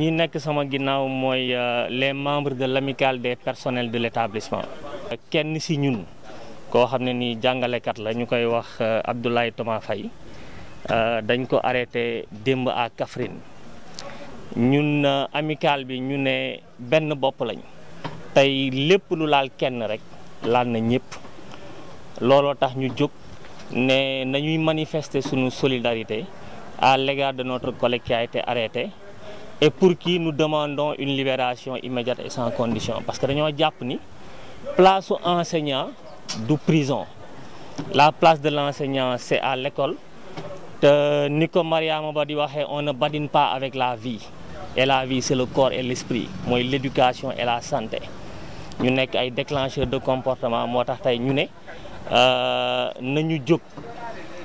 ñi nekk sama ginnaaw mooy euh, les membres de l'amicale des personnels de l'établissement kenn si ñun koo xam ne ni jàngalekat la ñu koy wax euh, Abdoulaye Thomas Faye euh, dañ ko arrêté démb à Kaffrine ñun amicale bi ñu ne benn bopp lañ tey lépp lu laal kenn rek laal na ñëpp looloo tax ñu jóg ne nañuy manifester sunu solidarité à l'égard notre collègue qui a été et pour qui nous demandons une libération immédiate et sans condition parce que dañoo jàpp ni place enseignant du prison la place de l'enseignant c'est à l'école te ni ko Mariama ba di waxee on ne badine pas avec la vie et la vie c'est le corps et l'esprit mooy l'éducation et la santé ñu nekk ay déclencheur de comportement moo tax tey ñu ne euh, nañu jóg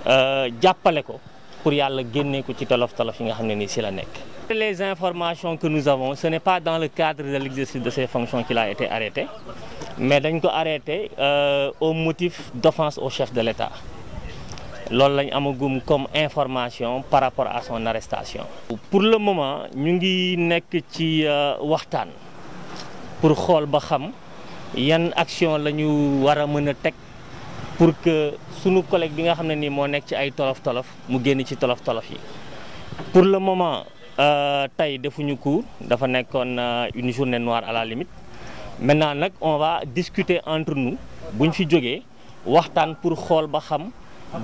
euh, jàppale ko pour yàlla génnee ko ci tolof tolof yi nga xam ne nii si la nekk Les informations que nous avons, ce n'est pas dans le cadre de l'exercice de ses fonctions qu'il a été arrêté, mais dañ ko arrêté euh, au motif d'offense au chef de l'État. loolu lañ amagum comme information par rapport à son arrestation. pour le moment ñu ngi nekk ci euh, waxtaan pour xool ba xam yan action la ñu war a mën a teg pour que sunu collègue bi nga xam ne nii moo nekk ci ay tolof-tolof mu génn ci tolof-tolof yi pour le moment. Euh, tey defuñu cours dafa nekkoon euh, une journée noire à la limite maintenant nag on va discuter entre nous buñ fi jógee waxtaan pour xool ba xam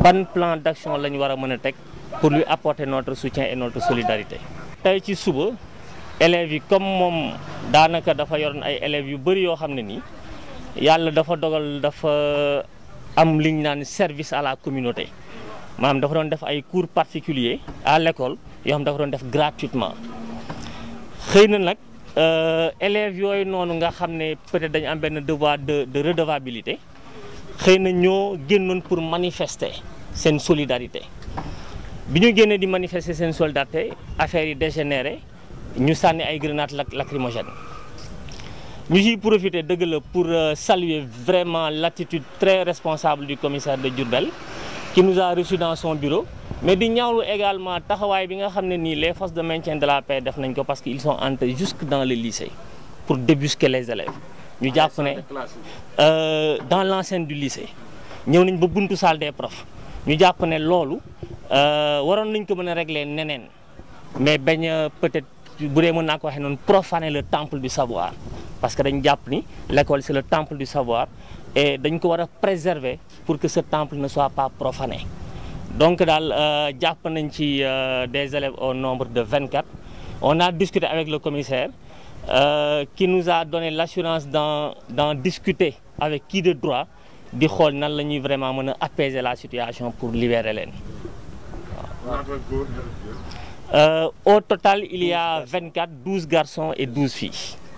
ban plan d'action lañ war a mën a teg pour lui apporter notre soutien et notre solidarité. tey ci suba élèves yi comme moom daanaka dafa yoroon ay élèves yu bëri yoo xam ne nii yàlla dafa dogal dafa am liñ naan service à la communauté maanaam dafa doon def ay cours particuliers à l'école yoo xam dafa doon def gratuitement xëy na nag euh, élèves yooyu noonu nga xam ne peut-être dañu am benn devoir de de redevabilité xëy na ñoo génnoon pour manifester seen solidarité bi ñu génnee di manifester seen solidarité affaire yi dégénéré ñu sànni ay grenades lacrymogènes ñu ciy profiter dëgg la pour euh, saluer vraiment l'attitude très responsable du commissaire de Diourbel qui nous a reçus dans son bureau mais di ñaawlu également taxawaay bi nga xam ne nii les forces de maintien de la paix def nañ ko parce que ils sont entrés jusque dans le lycée pour débusquer les élèves ñu jàpp ne euh, dans l'enceinte du lycée ñëw nañ ba buntu salle des profs ñu jàpp ne loolu euh, waroon nañ ko mën a régler neneen mais bañ a peut-être bu dee mën naa ko waxee noonu profaner le temple du savoir parce que dañ jàpp ni l'école c'est le temple du savoir et dañ ko war a préserver pour que ce temple ne soit pas profané donc daal euh, jàpp nañ ci euh, des élèves au nombre de vingt 24 on a discuté avec le commissaire euh, qui nous a donné l'assurance d'en d'en discuter avec qui de droit di xool nan la ñuy vraiment mën a apaiser la situation pour libérer leen waaw. Euh, au total il y a 24 12 garçons et 12 filles.